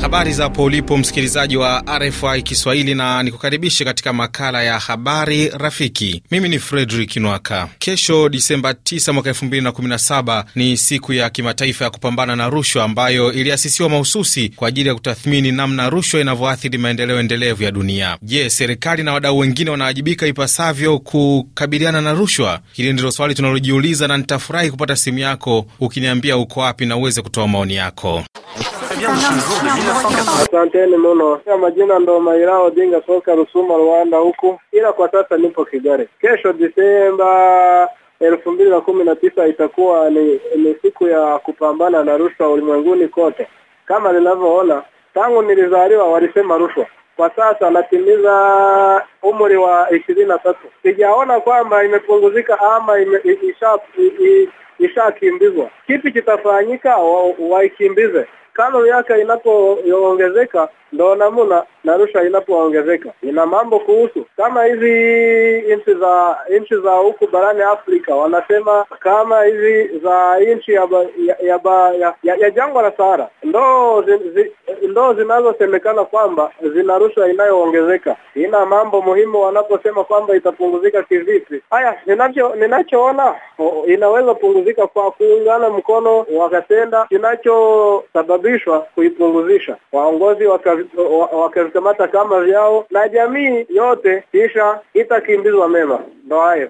Habari za hapo ulipo msikilizaji wa RFI Kiswahili, na nikukaribishe katika makala ya habari rafiki. Mimi ni Fredrik Nwaka. Kesho Disemba 9 mwaka 2017 ni siku ya kimataifa ya kupambana na rushwa ambayo iliasisiwa mahususi kwa ajili ya kutathmini namna rushwa inavyoathiri maendeleo endelevu ya dunia. Je, serikali na wadau wengine wanawajibika ipasavyo kukabiliana na rushwa? Hili ndilo swali tunalojiuliza, na nitafurahi kupata simu yako ukiniambia uko wapi na uweze kutoa maoni yako. Asanteni muno. Majina ndo Maira Odinga soka Rusuma Rwanda huku, ila kwa sasa nipo Kigali. Kesho Disemba elfu mbili na kumi na tisa itakuwa ni, ni siku ya kupambana na rushwa ulimwenguni kote. Kama ninavyoona tangu nilizaliwa walisema rushwa kwa sasa anatimiza umri wa ishirini na tatu. Sijaona kwamba imepunguzika ama ime, isha ishakimbizwa. Kipi kitafanyika waikimbize? Kama miaka inapoongezeka ndo namuna Narusha inapoongezeka ina mambo kuhusu kama hizi nchi za nchi za huku barani Afrika wanasema kama hizi za nchi ya, ya, ya, ya, ya jangwa la Sahara ndo zi, zi, ndo zinazosemekana kwamba zina rushwa inayoongezeka. Ina mambo muhimu wanaposema kwamba itapunguzika kivipi? Haya, ninacho ninachoona inaweza punguzika kwa kuungana mkono wakatenda kinachosababishwa kuipunguzisha waongozi waka wakavikamata kama vyao na jamii yote, kisha itakimbizwa mema. Ndo hayo.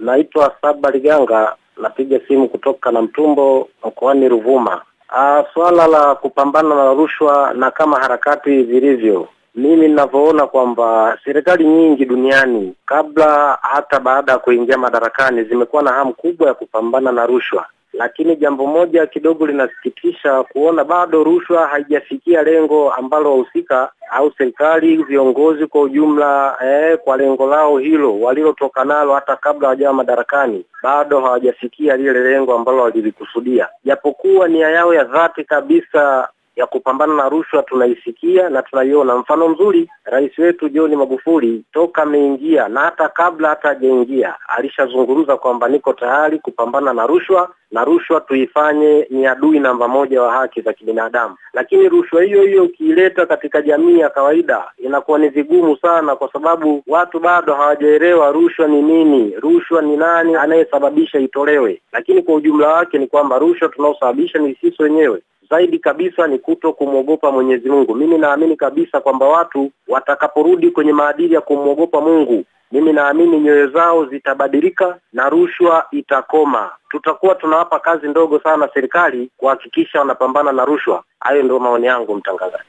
Naitwa Saba Liganga, napiga simu kutoka na Mtumbo mkoani Ruvuma. Aa, ah, swala la kupambana na rushwa na kama harakati zilivyo mimi ninavyoona kwamba serikali nyingi duniani kabla hata baada ya kuingia madarakani zimekuwa na hamu kubwa ya kupambana na rushwa, lakini jambo moja kidogo linasikitisha kuona bado rushwa haijafikia lengo ambalo wahusika au serikali, viongozi kwa ujumla, eh, kwa lengo lao hilo walilotoka nalo hata kabla hawajawa madarakani, bado hawajafikia lile lengo ambalo walilikusudia, japokuwa nia yao ya dhati kabisa ya kupambana na rushwa tunaisikia na tunaiona. Mfano mzuri rais wetu John Magufuli toka ameingia na hata kabla hata hajaingia alishazungumza kwamba niko tayari kupambana na rushwa na rushwa tuifanye ni adui namba moja wa haki za kibinadamu. Lakini rushwa hiyo hiyo ukiileta katika jamii ya kawaida inakuwa ni vigumu sana, kwa sababu watu bado hawajaelewa rushwa ni nini, rushwa ni nani anayesababisha itolewe. Lakini kwa ujumla wake ni kwamba rushwa tunaosababisha ni sisi wenyewe zaidi kabisa ni kuto kumwogopa Mwenyezi Mungu. Mimi naamini kabisa kwamba watu watakaporudi kwenye maadili ya kumwogopa Mungu, mimi naamini nyoyo zao zitabadilika na rushwa itakoma. Tutakuwa tunawapa kazi ndogo sana serikali kuhakikisha wanapambana na rushwa. Hayo ndio maoni yangu, mtangazaji.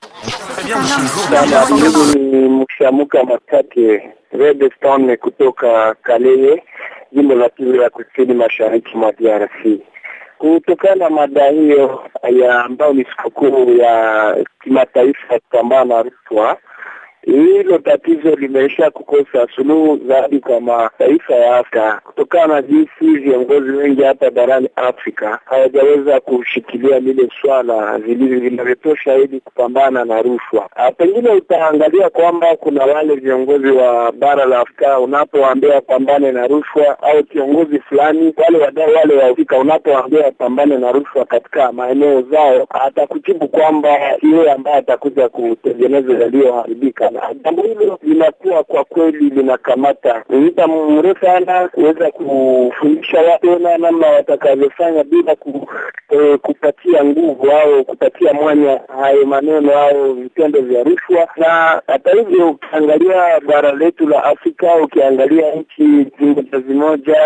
Ndugu ni mshamuka makate Redstone kutoka Kaleye, jimbo la pili la kusini mashariki mwa DRC. Kutokana na mada hiyo ya ambayo ni sikukuu ya kimataifa ya kupambana na rushwa hilo tatizo limeisha kukosa suluhu zaidi kwa mataifa ya Afrika kutokana na jinsi viongozi wengi hapa barani Afrika hawajaweza kushikilia lile swala vinavyotosha ili kupambana na rushwa. Ah, pengine utaangalia kwamba kuna wale viongozi wa bara la Afrika, unapowaambia wapambane na rushwa au kiongozi fulani, wale wadau wale wa Afrika, unapowaambia wapambane na rushwa katika maeneo zao, atakujibu kwamba yeye ambaye atakuja kutengeneza yaliyoharibika sana. Jambo hilo linakuwa kwa kweli linakamata muda mrefu sana kuweza kufundisha watu na namna watakavyofanya bila ku, e, kupatia nguvu au kupatia mwanya hayo maneno au vitendo vya rushwa. Na hata hivyo, ukiangalia bara letu la Afrika, ukiangalia nchi zimoja zimoja,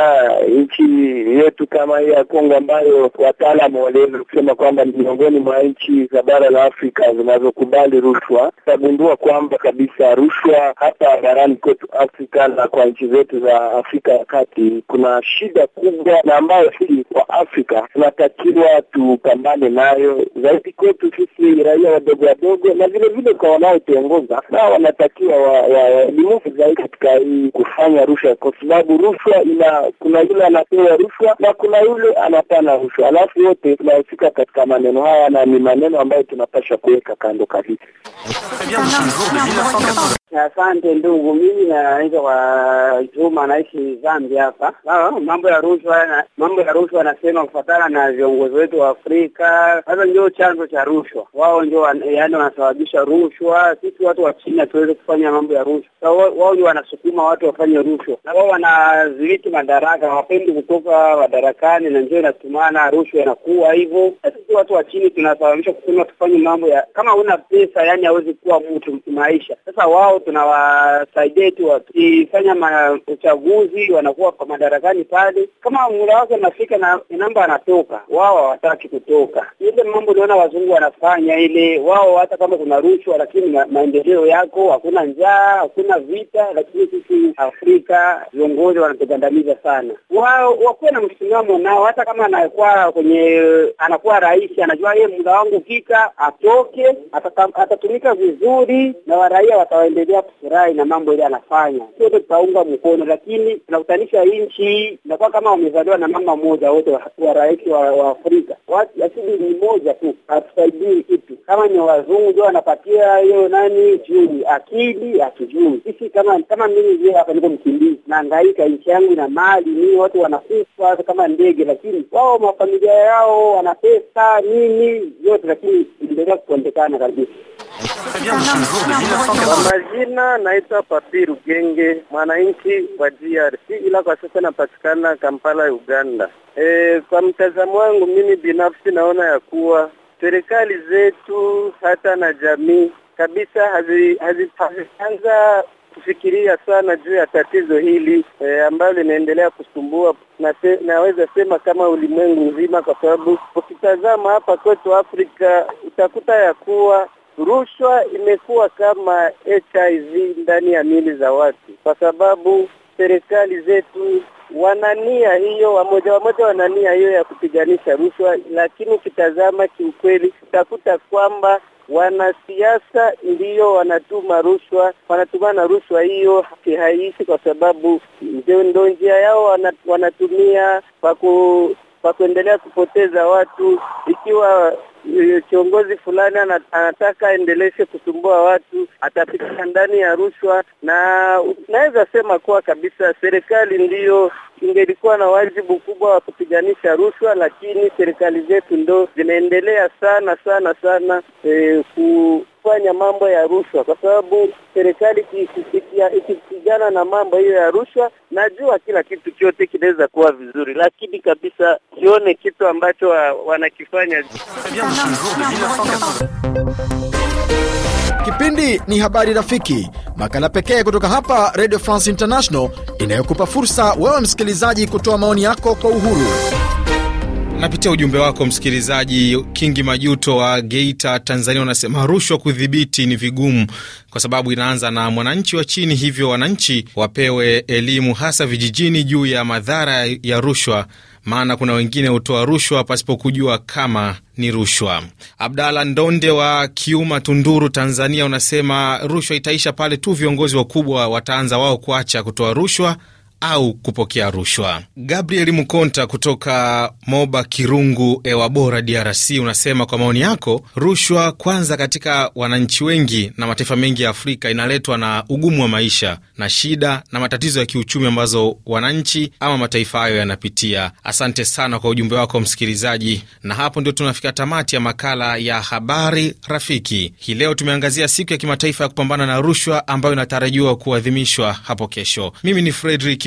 nchi yetu kama hii ya Kongo ambayo wataalamu waliweza kusema kwamba ni miongoni mwa nchi za bara la Afrika zinazokubali rushwa, utagundua kwamba kabisa rushwa hapa barani kwetu Afrika na kwa nchi zetu za Afrika ya Kati. Kuna shida kubwa na ambayo sisi kwa Afrika tunatakiwa tupambane nayo zaidi kwetu sisi raia wadogo wadogo, na vile vile kwa wanaotuongoza na wanatakiwa waelimufu wa, zaidi katika hii kufanya rushwa, kwa sababu rushwa ina kuna yule anapewa rushwa na kuna yule anapana rushwa, alafu wote tunahusika katika maneno haya, na ni maneno ambayo tunapasha kuweka kando kabisa. Asante ndugu, mimi naitwa kwa Juma, naishi Zambia hapa. Ah, mambo ya rushwa, mambo ya rushwa anasema kufatana na viongozi wetu wa Afrika, sasa ndio chanzo cha rushwa. Wao ndio yaani wanasababisha rushwa. Sisi watu wa chini hatuweze kufanya mambo ya rushwa, sasa wao ndio wanasukuma watu wafanye rushwa, na wao wanadhibiti madaraka, hawapendi kutoka madarakani, na ndio inatumana rushwa inakuwa hivyo, na sisi watu wa chini tunasababisha kusema tufanye mambo ya, kama una pesa, yani hawezi kuwa mtu kimaisha sasa wao tunawasaidia tu, wakifanya uchaguzi wanakuwa kwa madarakani pale, kama mula wake unafika na namba anatoka, wao hawataki kutoka. Ile mambo unaona wazungu wanafanya ile, wao hata kama kuna rushwa, lakini ma maendeleo yako, hakuna njaa, hakuna vita, lakini sisi Afrika viongozi wanatugandamiza sana. Wao wakuwe na msimamo nao, hata kama anakuwa kwenye anakuwa rais, anajua yeye muda wangu kika atoke, atatumika vizuri na wara raia wataendelea kufurahi na mambo ile anafanya, sote tutaunga mkono, lakini tunakutanisha nchi inakuwa kama wamezaliwa na mama moja, wote wa raisi wa, wa Afrika watu asili ni moja tu, hatusaidii kitu. Kama ni wazungu ndio wanapatia hiyo nani juu akili, hatujui sisi. Kama kama mimi vile hapa niko mkimbizi, naangaika nchi yangu na mali ni watu wanakufa kama ndege, lakini wao mafamilia yao wana pesa nini yote, lakini endelea kuondekana kabisa. Kwa majina naitwa Papi Rugenge, mwananchi wa DRC, ila kwa sasa napatikana Kampala ya Uganda. E, kwa mtazamo wangu mimi binafsi naona ya kuwa serikali zetu hata na jamii kabisa hazianza kufikiria sana juu ya tatizo hili e, ambalo linaendelea kusumbua na se, naweza sema kama ulimwengu mzima, kwa sababu ukitazama hapa kwetu Afrika utakuta ya kuwa Rushwa imekuwa kama HIV ndani ya mili za watu, kwa sababu serikali zetu wanania hiyo wamoja wamoja wanania hiyo ya kupiganisha rushwa, lakini ukitazama kiukweli utakuta kwamba wanasiasa ndiyo wanatuma rushwa, wanatumana rushwa hiyo kihaishi, kwa sababu ndio njia yao wanatumia kwa kwa kuendelea kupoteza watu. Ikiwa eh, kiongozi fulani anataka aendeleshe kusumbua watu, atapitia ndani ya rushwa, na unaweza sema kuwa kabisa serikali ndiyo ingelikuwa na wajibu kubwa wa kupiganisha rushwa, lakini serikali zetu ndo zinaendelea sana sana sana e, ku kufanya mambo ya rushwa, kwa sababu serikali ikipigana na mambo hiyo ya rushwa, najua kila kitu chote kinaweza kuwa vizuri, lakini kabisa sione kitu ambacho wa, wanakifanya Kipindi ni Habari Rafiki, makala pekee kutoka hapa Radio France International inayokupa fursa wewe msikilizaji kutoa maoni yako kwa uhuru. Napitia ujumbe wako msikilizaji Kingi Majuto wa Geita, Tanzania. Unasema rushwa kudhibiti ni vigumu kwa sababu inaanza na mwananchi wa chini, hivyo wananchi wapewe elimu hasa vijijini juu ya madhara ya rushwa, maana kuna wengine hutoa rushwa pasipokujua kama ni rushwa. abdala Ndonde wa Kiuma, Tunduru, Tanzania, unasema rushwa itaisha pale tu viongozi wakubwa wataanza wao kuacha kutoa rushwa au kupokea rushwa. Gabriel Mkonta kutoka Moba Kirungu, ewa bora DRC, unasema kwa maoni yako, rushwa kwanza katika wananchi wengi na mataifa mengi ya Afrika inaletwa na ugumu wa maisha na shida na matatizo ya kiuchumi ambazo wananchi ama mataifa hayo yanapitia. Asante sana kwa ujumbe wako msikilizaji, na hapo ndio tunafika tamati ya makala ya habari rafiki hii leo. Tumeangazia siku ya kimataifa ya kupambana na rushwa ambayo inatarajiwa kuadhimishwa hapo kesho. Mimi ni Fredrick